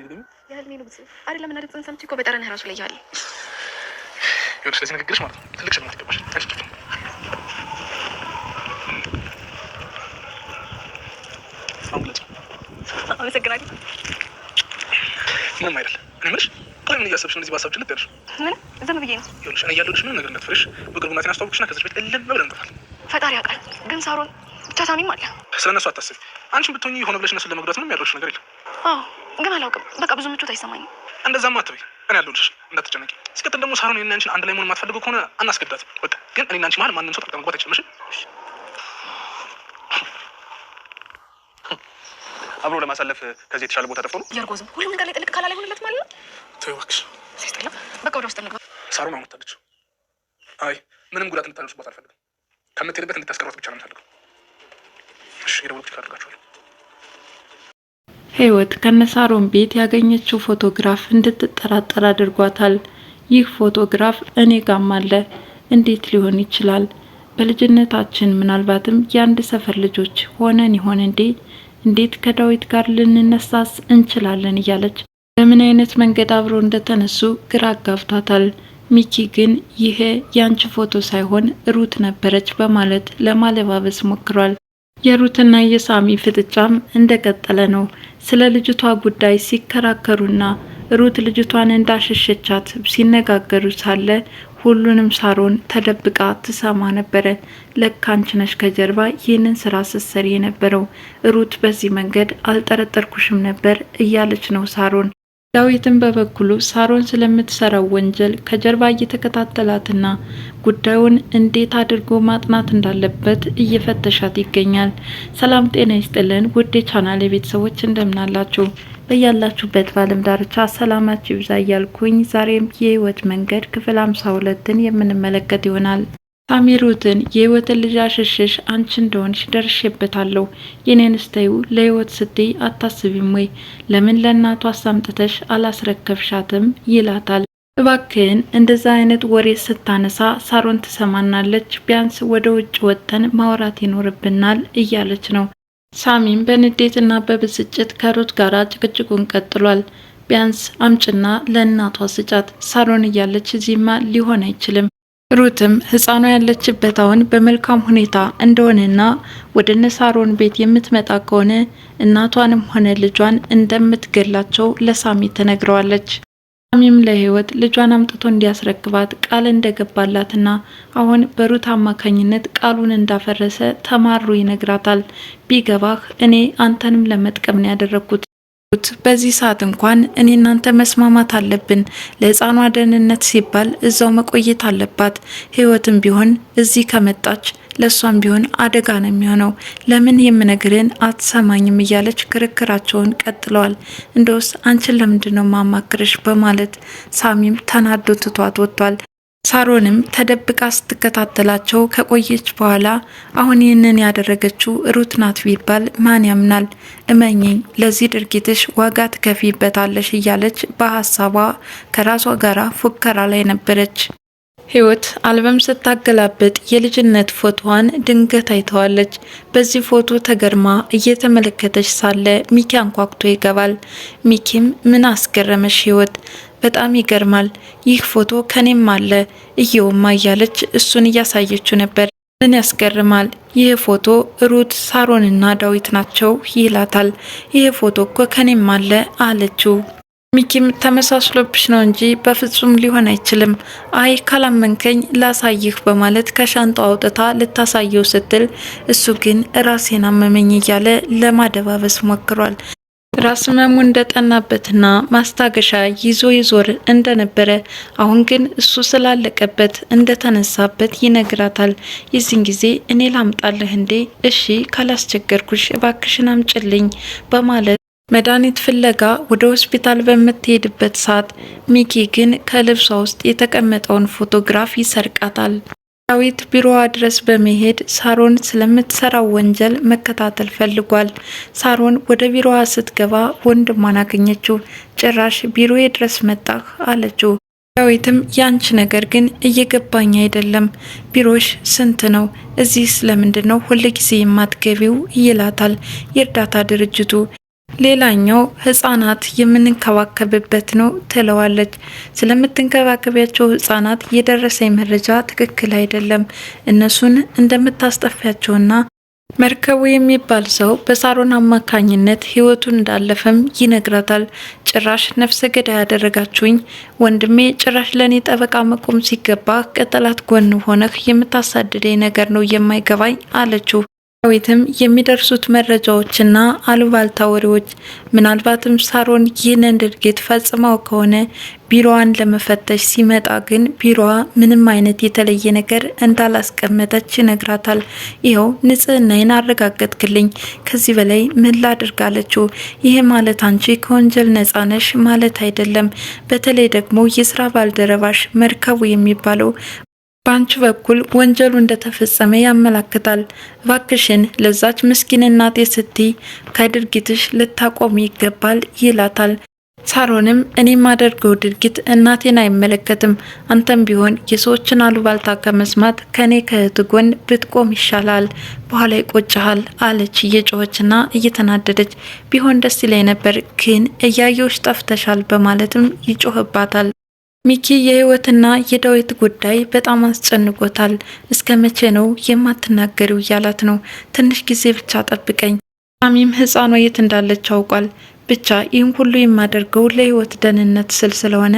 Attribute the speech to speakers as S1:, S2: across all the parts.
S1: ምንም
S2: አይደል። እኔ የምልሽ ቆይ ምን እያሰብሽ እንደዚህ በሀሳብ
S1: ችልት ያለሽ? ምን ዝም ብዬ ነው። ይኸውልሽ እኔ
S2: እያለሁልሽ ምንም ነገር እንዳትፈሪሽ። በቅርቡ እናቴን አስተዋወቅሽና ከዚህ ቤት እልም ብለን እንጠፋለን።
S1: ፈጣሪ ያውቃል። ግን ሳሮን ብቻ ሳኒም አለ። ስለ
S2: እነሱ አታስቢ። አንቺን ብትሆኚ የሆነ ብለሽ እነሱን ለመጉዳት
S1: ምንም ያደረግሽ ነገር የለም። አዎ ግን አላውቅም፣ በቃ ብዙ ምቾት አይሰማኝም።
S2: እንደዛማ አትበይ፣ እኔ አለሁልሽ፣ እንዳትጨነቂ። ሲቀጥል ደግሞ ሳሮን እኔና አንቺን አንድ ላይ መሆን የማትፈልገው ከሆነ አናስገዳት። በቃ ግን እኔና አንቺ መሀል ማንም ሰው ጣልቃ መግባት አይችልም። አብሮ ለማሳለፍ ከዚህ
S1: የተሻለ ቦታ ጠፍቶ ነው የእርጎ ሁሉም ነገር ላይ ጥልቅ ካላ ላይ ሆንለት
S2: ማለት ነው። ተይው
S1: እባክሽ፣ ሲያስጠላ። በቃ ወደ ውስጥ እንግባ።
S2: ሳሮን አሞታለች። አይ ምንም ጉዳት እንድታነሱባት አልፈልግም። ከምትሄድበት እንድታስቀሯት ብቻ ነው የምፈልገው። እሺ፣ የደወልኩት ካደርጋችኋለሁ
S3: ህይወት ከነሳሮን ቤት ያገኘችው ፎቶግራፍ እንድትጠራጠር አድርጓታል። ይህ ፎቶግራፍ እኔ ጋም አለ፣ እንዴት ሊሆን ይችላል? በልጅነታችን ምናልባትም የአንድ ሰፈር ልጆች ሆነን ይሆን እንዴ? እንዴት ከዳዊት ጋር ልንነሳስ እንችላለን? እያለች በምን አይነት መንገድ አብሮ እንደተነሱ ግራ አጋብቷታል። ሚኪ ግን ይሄ የአንቺ ፎቶ ሳይሆን ሩት ነበረች በማለት ለማለባበስ ሞክሯል። የሩትና የሳሚ ፍጥጫም እንደቀጠለ ነው። ስለ ልጅቷ ጉዳይ ሲከራከሩና ሩት ልጅቷን እንዳሸሸቻት ሲነጋገሩ ሳለ ሁሉንም ሳሮን ተደብቃ ትሰማ ነበረ። ለካንች ነሽ ከጀርባ ይህንን ስራ ስትሰሪ የነበረው ሩት፣ በዚህ መንገድ አልጠረጠርኩሽም ነበር እያለች ነው ሳሮን ዳዊትን በበኩሉ ሳሮን ስለምትሰራው ወንጀል ከጀርባ እየተከታተላትና ጉዳዩን እንዴት አድርጎ ማጥናት እንዳለበት እየፈተሻት ይገኛል። ሰላም ጤና ይስጥልን ውድ የቻናሌ ቤተሰቦች እንደምናላችሁ በያላችሁበት በዓለም ዳርቻ ሰላማችሁ ይብዛ እያልኩኝ ዛሬም የህይወት መንገድ ክፍል ሃምሳ ሁለትን የምንመለከት ይሆናል። ሳሚሩትን የህይወትን ልጅ አሸሸሽ አንቺ እንደሆንሽ ደርሼበታለሁ። የኔን ስተዩ ለህይወት ስትይ አታስቢም ወይ? ለምን ለእናቱ አሳምጥተሽ አላስረከብሻትም? ይላታል። እባክህን እንደዛ አይነት ወሬ ስታነሳ ሳሮን ትሰማናለች። ቢያንስ ወደ ውጭ ወጥተን ማውራት ይኖርብናል እያለች ነው። ሳሚም በንዴትና በብስጭት ከሩት ጋር ጭቅጭቁን ቀጥሏል። ቢያንስ አምጭና ለእናቷ ስጫት፣ ሳሮን እያለች እዚህማ ሊሆን አይችልም ሩትም ህፃኗ ያለችበት አሁን በመልካም ሁኔታ እንደሆነና ወደ ነሳሮን ቤት የምትመጣ ከሆነ እናቷንም ሆነ ልጇን እንደምትገላቸው ለሳሚ ተነግረዋለች። ሳሚም ለህይወት ልጇን አምጥቶ እንዲያስረክባት ቃል እንደገባላትና አሁን በሩት አማካኝነት ቃሉን እንዳፈረሰ ተማሩ ይነግራታል። ቢገባህ እኔ አንተንም ለመጥቀም ነው ያደረግኩት በዚህ ሰዓት እንኳን እኔ እናንተ መስማማት አለብን። ለህፃኗ ደህንነት ሲባል እዛው መቆየት አለባት። ህይወትም ቢሆን እዚህ ከመጣች ለእሷም ቢሆን አደጋ ነው የሚሆነው። ለምን የምነግርን አትሰማኝም? እያለች ክርክራቸውን ቀጥለዋል። እንደውስ አንቺን ለምንድን ነው ማማክርሽ? በማለት ሳሚም ተናዶ ትቷት ወጥቷል። ሳሮንም ተደብቃ ስትከታተላቸው ከቆየች በኋላ አሁን ይህንን ያደረገችው ሩት ናት ቢባል ማን ያምናል? እመኚኝ ለዚህ ድርጊትሽ ዋጋ ትከፊበታለሽ እያለች በሀሳቧ ከራሷ ጋራ ፉከራ ላይ ነበረች። ህይወት አልበም ስታገላብጥ የልጅነት ፎቶዋን ድንገት አይተዋለች። በዚህ ፎቶ ተገርማ እየተመለከተች ሳለ ሚኪ አንኳኩቶ ይገባል። ሚኪም ምን አስገረመሽ ህይወት በጣም ይገርማል፣ ይህ ፎቶ ከኔም አለ እየውማ እያለች እሱን እያሳየችው ነበር። ምን ያስገርማል፣ ይህ ፎቶ ሩት ሳሮንና ዳዊት ናቸው ይላታል። ይህ ፎቶ እኮ ከኔም አለ አለችው። ሚኪም ተመሳስሎብሽ ነው እንጂ በፍጹም ሊሆን አይችልም። አይ ካላመንከኝ ላሳይህ በማለት ከሻንጣ አውጥታ ልታሳየው ስትል እሱ ግን ራሴን አመመኝ እያለ ለማደባበስ ሞክሯል። ራስ ህመሙ እንደጠናበትና ማስታገሻ ይዞ ይዞር እንደነበረ አሁን ግን እሱ ስላለቀበት እንደተነሳበት ይነግራታል። የዚህን ጊዜ እኔ ላምጣልህ እንዴ? እሺ ካላስቸገርኩሽ እባክሽን አምጭልኝ በማለት መድኃኒት ፍለጋ ወደ ሆስፒታል በምትሄድበት ሰዓት ሚኪ ግን ከልብሷ ውስጥ የተቀመጠውን ፎቶግራፍ ይሰርቃታል። ዳዊት ቢሮዋ ድረስ በመሄድ ሳሮን ስለምትሰራው ወንጀል መከታተል ፈልጓል። ሳሮን ወደ ቢሮዋ ስትገባ ወንድሟን አገኘችው። ጭራሽ ቢሮዬ ድረስ መጣህ አለችው። ዳዊትም ያንቺ ነገር ግን እየገባኝ አይደለም፣ ቢሮሽ ስንት ነው? እዚህ ስለምንድን ነው ሁልጊዜ የማትገቢው? ይላታል የእርዳታ ድርጅቱ ሌላኛው ህጻናት የምንንከባከብበት ነው ትለዋለች። ስለምትንከባከቢያቸው ህጻናት የደረሰኝ መረጃ ትክክል አይደለም። እነሱን እንደምታስጠፊያቸውና መርከቡ የሚባል ሰው በሳሮን አማካኝነት ህይወቱን እንዳለፈም ይነግራታል። ጭራሽ ነፍሰ ገዳይ ያደረጋችሁኝ ወንድሜ፣ ጭራሽ ለእኔ ጠበቃ መቆም ሲገባ ከጠላት ጎን ሆነህ የምታሳድደኝ ነገር ነው የማይገባኝ አለችው። ዳዊትም የሚደርሱት መረጃዎችና አሉባልታ ወሬዎች ምናልባትም ሳሮን ይህንን ድርጊት ፈጽመው ከሆነ ቢሮዋን ለመፈተሽ ሲመጣ ግን ቢሮዋ ምንም አይነት የተለየ ነገር እንዳላስቀመጠች ይነግራታል። ይኸው ንጽህናዬን አረጋገጥክልኝ፣ ከዚህ በላይ ምን ላድርጋለችው? ይህ ማለት አንቺ ከወንጀል ነፃ ነሽ ማለት አይደለም። በተለይ ደግሞ የስራ ባልደረባሽ መርከቡ የሚባለው በአንቺ በኩል ወንጀሉ እንደተፈጸመ ያመላክታል። እባክሽን ለዛች ምስኪን እናቴ ስትይ ከድርጊትሽ ልታቆሚ ይገባል ይላታል። ሳሮንም እኔ የማደርገው ድርጊት እናቴን አይመለከትም። አንተም ቢሆን የሰዎችን አሉባልታ ከመስማት ከእኔ ከእህት ጎን ብትቆም ይሻላል፣ በኋላ ይቆጭሃል አለች እየጮኸችና እየተናደደች። ቢሆን ደስ ይለኝ ነበር፣ ግን እያየሁሽ ጠፍተሻል በማለትም ይጮህባታል። ሚኪ የህይወትና የዳዊት ጉዳይ በጣም አስጨንቆታል። እስከ መቼ ነው የማትናገሪው እያላት ነው። ትንሽ ጊዜ ብቻ ጠብቀኝ። ሳሚም ህፃኗ የት እንዳለች አውቋል። ብቻ ይህም ሁሉ የማደርገው ለህይወት ደህንነት ስል ስለሆነ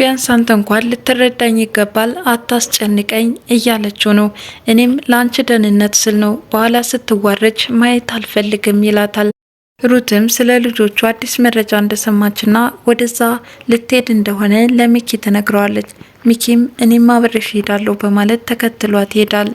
S3: ቢያንስ አንተ እንኳን ልትረዳኝ ይገባል፣ አታስጨንቀኝ እያለችው ነው። እኔም ለአንቺ ደህንነት ስል ነው፣ በኋላ ስትዋረጅ ማየት አልፈልግም ይላታል። ሩትም ስለ ልጆቹ አዲስ መረጃ እንደሰማችና ወደዛ ልትሄድ እንደሆነ ለሚኪ ትነግረዋለች። ሚኪም እኔም አብሬሽ እሄዳለሁ በማለት ተከትሏት ይሄዳል።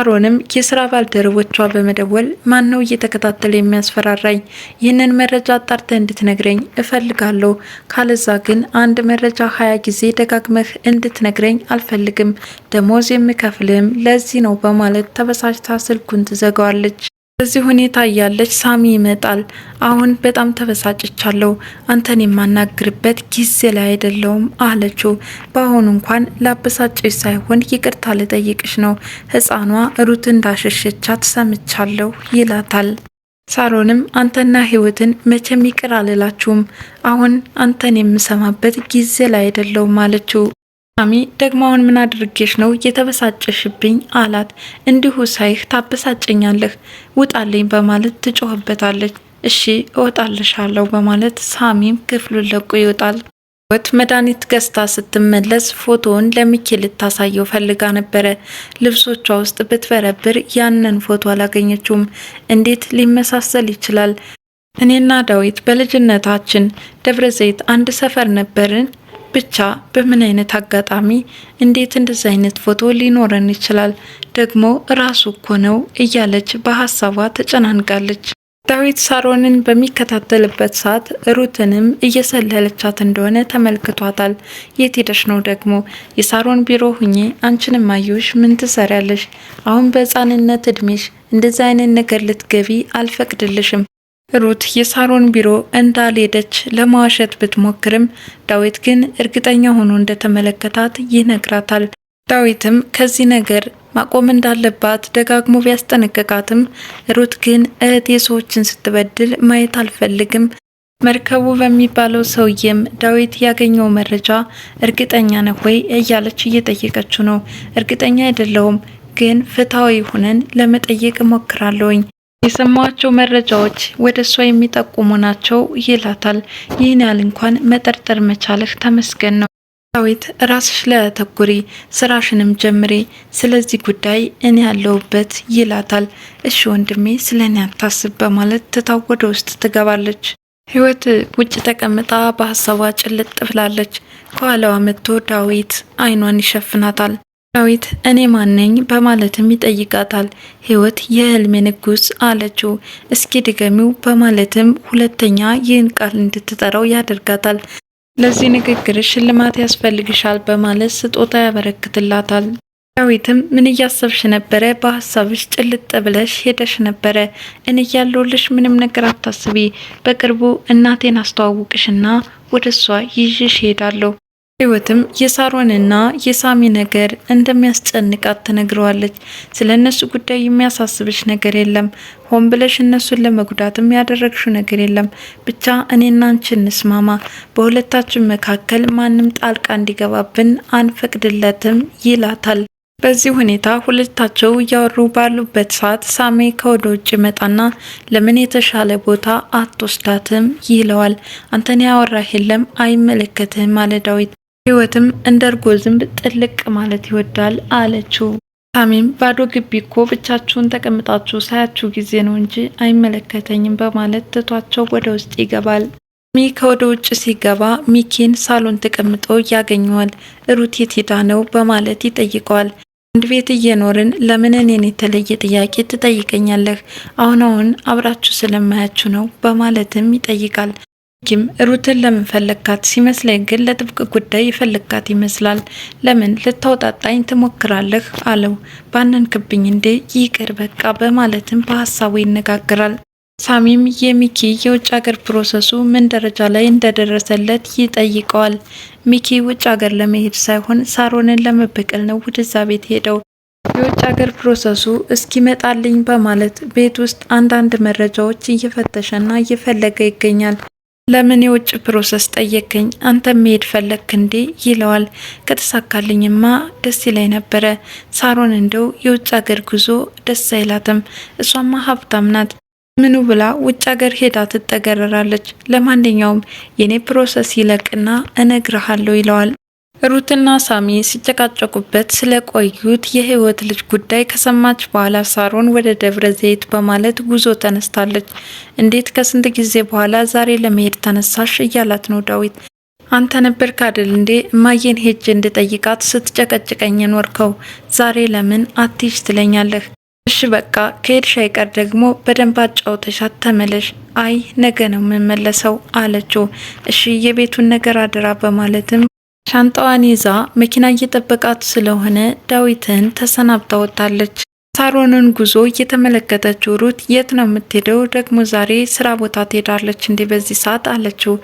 S3: አሮንም የስራ ባልደረቦቿ በመደወል ማን ነው እየተከታተለ የሚያስፈራራኝ? ይህንን መረጃ አጣርተ እንድትነግረኝ እፈልጋለሁ። ካለዛ ግን አንድ መረጃ ሀያ ጊዜ ደጋግመህ እንድትነግረኝ አልፈልግም። ደሞዝ የምከፍልም ለዚህ ነው በማለት ተበሳጭታ ስልኩን ትዘጋዋለች። በዚህ ሁኔታ እያለች ሳሚ ይመጣል። አሁን በጣም ተበሳጭቻለሁ፣ አንተን የማናግርበት ጊዜ ላይ አይደለውም አለችው። በአሁኑ እንኳን ላበሳጭሽ ሳይሆን ይቅርታ ልጠይቅሽ ነው፣ ህፃኗ ሩት እንዳሸሸቻት ሰምቻለሁ ይላታል። ሳሮንም አንተና ህይወትን መቼም ይቅር አልላችሁም፣ አሁን አንተን የምሰማበት ጊዜ ላይ አይደለውም አለችው። ሳሚ ደግሞ አሁን ምን አድርጌሽ ነው የተበሳጨሽብኝ? አላት። እንዲሁ ሳይህ ታበሳጨኛለህ፣ ውጣልኝ በማለት ትጮህበታለች። እሺ እወጣልሻለሁ በማለት ሳሚም ክፍሉን ለቆ ይወጣል። ወት መድኃኒት ገዝታ ስትመለስ ፎቶውን ለሚኬ ልታሳየው ፈልጋ ነበረ። ልብሶቿ ውስጥ ብትበረብር ያንን ፎቶ አላገኘችውም። እንዴት ሊመሳሰል ይችላል? እኔና ዳዊት በልጅነታችን ደብረ ዘይት አንድ ሰፈር ነበርን ብቻ በምን አይነት አጋጣሚ እንዴት እንደዚህ አይነት ፎቶ ሊኖረን ይችላል? ደግሞ ራሱ እኮ ነው እያለች በሀሳቧ ተጨናንቃለች። ዳዊት ሳሮንን በሚከታተልበት ሰዓት ሩትንም እየሰለለቻት እንደሆነ ተመልክቷታል። የት ሄደሽ ነው ደግሞ? የሳሮን ቢሮ ሁኜ አንቺንም አየሁሽ፣ ምን ትሰሪያለሽ? አሁን በሕፃንነት እድሜሽ እንደዚህ አይነት ነገር ልትገቢ አልፈቅድልሽም ሩት የሳሮን ቢሮ እንዳልሄደች ለማዋሸት ብትሞክርም ዳዊት ግን እርግጠኛ ሆኖ እንደተመለከታት ይነግራታል። ዳዊትም ከዚህ ነገር ማቆም እንዳለባት ደጋግሞ ቢያስጠነቅቃትም ሩት ግን እህት የሰዎችን ስትበድል ማየት አልፈልግም፣ መርከቡ በሚባለው ሰውዬም ዳዊት ያገኘው መረጃ እርግጠኛ ነህ ወይ እያለች እየጠየቀችው ነው። እርግጠኛ አይደለሁም፣ ግን ፍትሐዊ ሆነን ለመጠየቅ እሞክራለሁኝ የሰማቸው መረጃዎች ወደ እሷ የሚጠቁሙ ናቸው ይላታል። ይህን ያህል እንኳን መጠርጠር መቻልህ ተመስገን ነው። ዳዊት ራስሽ ለተኩሪ ስራሽንም ጀምሬ ስለዚህ ጉዳይ እኔ ያለሁበት ይላታል። እሺ ወንድሜ ስለ እኔ አታስብ በማለት ትታው ወደ ውስጥ ትገባለች። ህይወት ውጭ ተቀምጣ በሀሳቧ ጭልጥ ብላለች። ከኋላዋ መጥቶ ዳዊት አይኗን ይሸፍናታል። ዳዊት እኔ ማነኝ በማለትም ይጠይቃታል። ህይወት የህልሜ ንጉስ አለችው። እስኪ ድገሚው በማለትም ሁለተኛ ይህን ቃል እንድትጠራው ያደርጋታል። ለዚህ ንግግር ሽልማት ያስፈልግሻል በማለት ስጦታ ያበረክትላታል። ዳዊትም ምን እያሰብሽ ነበረ? በሀሳብሽ ጭልጥ ብለሽ ሄደሽ ነበረ። እኔ እያለሁልሽ ምንም ነገር አታስቢ። በቅርቡ እናቴን አስተዋውቅሽና ወደ እሷ ይዤሽ ሄዳለሁ ህይወትም የሳሮንና የሳሚ ነገር እንደሚያስጨንቃት ትነግረዋለች። ስለ እነሱ ጉዳይ የሚያሳስብሽ ነገር የለም፣ ሆን ብለሽ እነሱን ለመጉዳትም ያደረግሽው ነገር የለም። ብቻ እኔና አንቺ እንስማማ፣ በሁለታችን መካከል ማንም ጣልቃ እንዲገባብን አንፈቅድለትም ይላታል። በዚህ ሁኔታ ሁለታቸው እያወሩ ባሉበት ሰዓት ሳሜ ከወደ ውጭ መጣና ለምን የተሻለ ቦታ አትወስዳትም ይለዋል። አንተን ያወራህ የለም አይመለከትህም አለ ዳዊት። ህይወትም እንደ እርጎ ዝንብ ጥልቅ ማለት ይወዳል አለችው። ሳሚም ባዶ ግቢ እኮ ብቻችሁን ተቀምጣችሁ ሳያችሁ ጊዜ ነው እንጂ አይመለከተኝም በማለት ትቷቸው ወደ ውስጥ ይገባል። ሚ ከወደ ውጭ ሲገባ ሚኪን ሳሎን ተቀምጦ ያገኘዋል። ሩት የት ሄዳ ነው በማለት ይጠይቀዋል። አንድ ቤት እየኖርን ለምን እኔን የተለየ ጥያቄ ትጠይቀኛለህ? አሁን አሁን አብራችሁ ስለማያችሁ ነው በማለትም ይጠይቃል። ኪም ሩትን ለምን ፈለግካት ሲመስለኝ ግን ለጥብቅ ጉዳይ የፈለግካት ይመስላል። ለምን ልታወጣጣኝ ትሞክራለህ? አለው። ባንን ክብኝ እንዴ ይቅር በቃ በማለትም በሀሳቡ ይነጋገራል። ሳሚም የሚኪ የውጭ ሀገር ፕሮሰሱ ምን ደረጃ ላይ እንደደረሰለት ይጠይቀዋል። ሚኪ ውጭ ሀገር ለመሄድ ሳይሆን ሳሮንን ለመበቀል ነው ወደዛ ቤት ሄደው የውጭ ሀገር ፕሮሰሱ እስኪመጣልኝ በማለት ቤት ውስጥ አንዳንድ መረጃዎች እየፈተሸና እየፈለገ ይገኛል። ለምን የውጭ ፕሮሰስ ጠየቀኝ? አንተ መሄድ ፈለግክ እንዴ? ይለዋል። ከተሳካልኝማ ደስ ይላይ ነበረ። ሳሮን እንደው የውጭ ሀገር ጉዞ ደስ አይላትም። እሷማ ሀብታም ናት። ምኑ ብላ ውጭ ሀገር ሄዳ ትጠገረራለች። ለማንኛውም የኔ ፕሮሰስ ይለቅና እነግርሃለሁ ይለዋል። ሩትና ሳሚ ሲጨቃጨቁበት ስለቆዩት የህይወት ልጅ ጉዳይ ከሰማች በኋላ ሳሮን ወደ ደብረ ዘይት በማለት ጉዞ ተነስታለች። እንዴት ከስንት ጊዜ በኋላ ዛሬ ለመሄድ ተነሳሽ? እያላት ነው ዳዊት። አንተ ነበር ካደል እንዴ እማዬን ሄጅ እንድጠይቃት ስትጨቀጭቀኝ ወርከው! ዛሬ ለምን አትሽ ትለኛለህ? እሺ በቃ ከሄድሽ አይቀር ደግሞ በደንብ አጫውተሻት ተመለሽ። አይ ነገ ነው የምመለሰው አለችው። እሺ የቤቱን ነገር አድራ በማለትም ሻንጣዋን ይዛ መኪና እየጠበቃት ስለሆነ ዳዊትን ተሰናብታ ወጣለች። ሳሮንን ጉዞ እየተመለከተችው ሩት የት ነው የምትሄደው? ደግሞ ዛሬ ስራ ቦታ ትሄዳለች እንዴ በዚህ ሰዓት አለችው።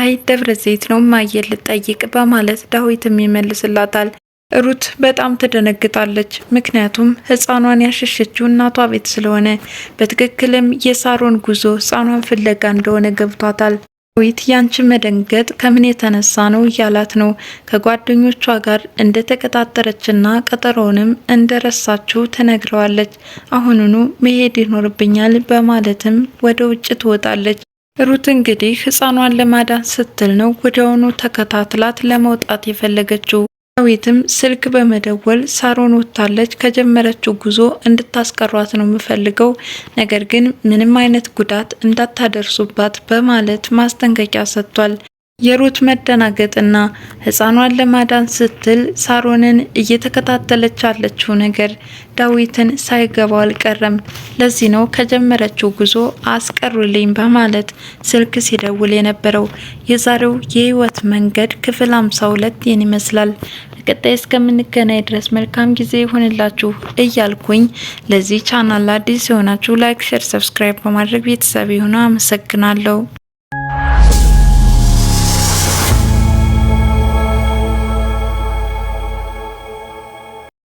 S3: አይ ደብረ ዘይት ነው ማየት ልጠይቅ በማለት ዳዊትም ይመልስላታል። ሩት በጣም ትደነግጣለች። ምክንያቱም ህፃኗን ያሸሸችው እናቷ ቤት ስለሆነ በትክክልም የሳሮን ጉዞ ህፃኗን ፍለጋ እንደሆነ ገብቷታል። ዊት ያንቺ መደንገጥ ከምን የተነሳ ነው እያላት ነው። ከጓደኞቿ ጋር እንደተቀጣጠረችና ቀጠሮውንም እንደረሳችው ትነግረዋለች። አሁኑኑ መሄድ ይኖርብኛል በማለትም ወደ ውጭ ትወጣለች። ሩት እንግዲህ ህፃኗን ለማዳን ስትል ነው ወዲያውኑ ተከታትላት ለመውጣት የፈለገችው። ዳዊትም ስልክ በመደወል ሳሮን ወጥታለች፣ ከጀመረችው ጉዞ እንድታስቀሯት ነው የምፈልገው፣ ነገር ግን ምንም አይነት ጉዳት እንዳታደርሱባት በማለት ማስጠንቀቂያ ሰጥቷል። የሩት መደናገጥና ህፃኗን ለማዳን ስትል ሳሮንን እየተከታተለች ያለችው ነገር ዳዊትን ሳይገባው አልቀረም። ለዚህ ነው ከጀመረችው ጉዞ አስቀሩልኝ በማለት ስልክ ሲደውል የነበረው። የዛሬው የህይወት መንገድ ክፍል 52 ይህን ይመስላል። በቀጣይ እስከምንገናኝ ድረስ መልካም ጊዜ ይሆንላችሁ እያልኩኝ ለዚህ ቻናል አዲስ የሆናችሁ ላይክ፣ ሸር፣ ሰብስክራይብ በማድረግ ቤተሰብ ይሁኑ። አመሰግናለሁ።